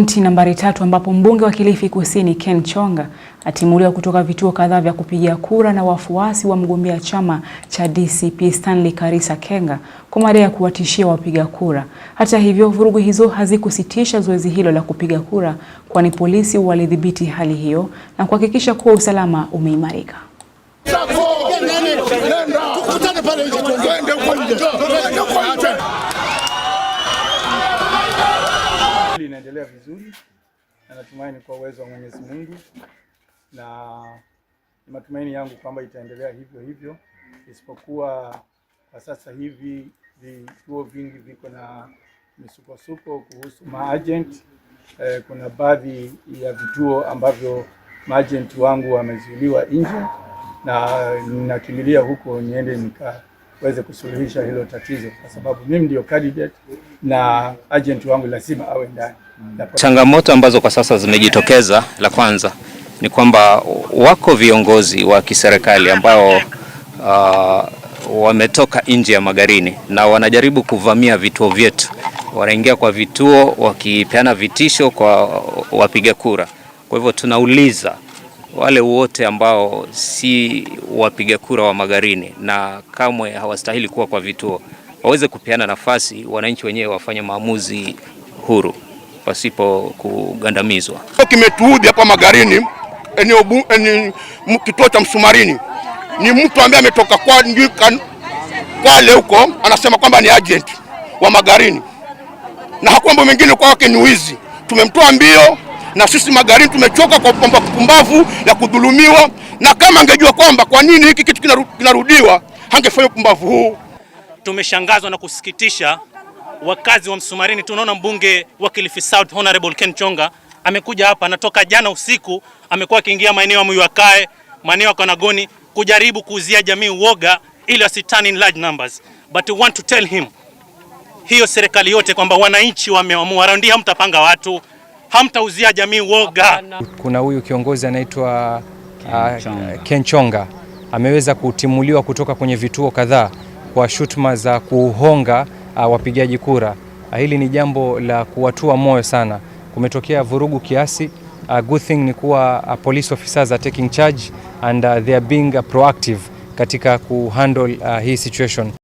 Kaunti nambari tatu ambapo mbunge wa Kilifi Kusini Ken Chonga atimuliwa kutoka vituo kadhaa vya kupigia kura na wafuasi wa mgombea chama cha DCP Stanley Karisa Kenga kwa madai ya kuwatishia wapiga kura. Hata hivyo, vurugu hizo hazikusitisha zoezi hilo la kupiga kura kwani polisi walidhibiti hali hiyo na kuhakikisha kuwa usalama umeimarika. inaendelea vizuri, na natumaini kwa uwezo wa Mwenyezi Mungu, na ni matumaini yangu kwamba itaendelea hivyo hivyo, isipokuwa kwa sasa hivi vituo vingi viko na misukosuko kuhusu maajenti eh. Kuna baadhi ya vituo ambavyo maajenti wangu wamezuiliwa nje, na ninakimbilia huko niende nika weze kusuluhisha hilo tatizo, kwa sababu mimi ndio candidate na agent wangu lazima awe ndani. Changamoto ambazo kwa sasa zimejitokeza, la kwanza ni kwamba wako viongozi wa kiserikali ambao uh, wametoka nje ya Magarini na wanajaribu kuvamia vituo vyetu. Wanaingia kwa vituo wakipeana vitisho kwa wapiga kura. Kwa hivyo tunauliza wale wote ambao si wapiga kura wa Magarini na kamwe hawastahili kuwa kwa vituo waweze kupeana nafasi, wananchi wenyewe wafanye maamuzi huru pasipo kugandamizwa. Kimetuudhi hapa Magarini, eneo kituo cha Msumarini, ni mtu ambaye ametoka kwa Kwale huko, anasema kwamba ni agent wa Magarini na hakuambo mengine wake ni wizi. Tumemtoa mbio na sisi magharibi tumechoka kwa kwamba kupumbavu ya kudhulumiwa, na kama angejua kwamba kwa nini hiki kitu kinarudiwa hangefanya upumbavu huu. Tumeshangazwa na kusikitisha wakazi wa Msumarini. Tunaona mbunge wa Kilifi South Honorable Ken Chonga amekuja hapa, anatoka jana usiku, amekuwa akiingia maeneo ya Muyakae, maeneo ya Kanagoni kujaribu kuuzia jamii uoga ili wasitani in large numbers, but we want to tell him hiyo serikali yote kwamba wananchi wameamua, raundi hamtapanga watu hamtauzia jamii woga. Kuna huyu kiongozi anaitwa Kenchonga. Ken ah, ameweza kutimuliwa kutoka kwenye vituo kadhaa kwa shutuma za kuhonga ah, wapigaji kura. Ah, hili ni jambo la kuwatua moyo sana. Kumetokea vurugu kiasi. Uh, good thing ni kuwa uh, police officers are taking charge and uh, they are being uh, proactive katika kuhandle uh, hii situation.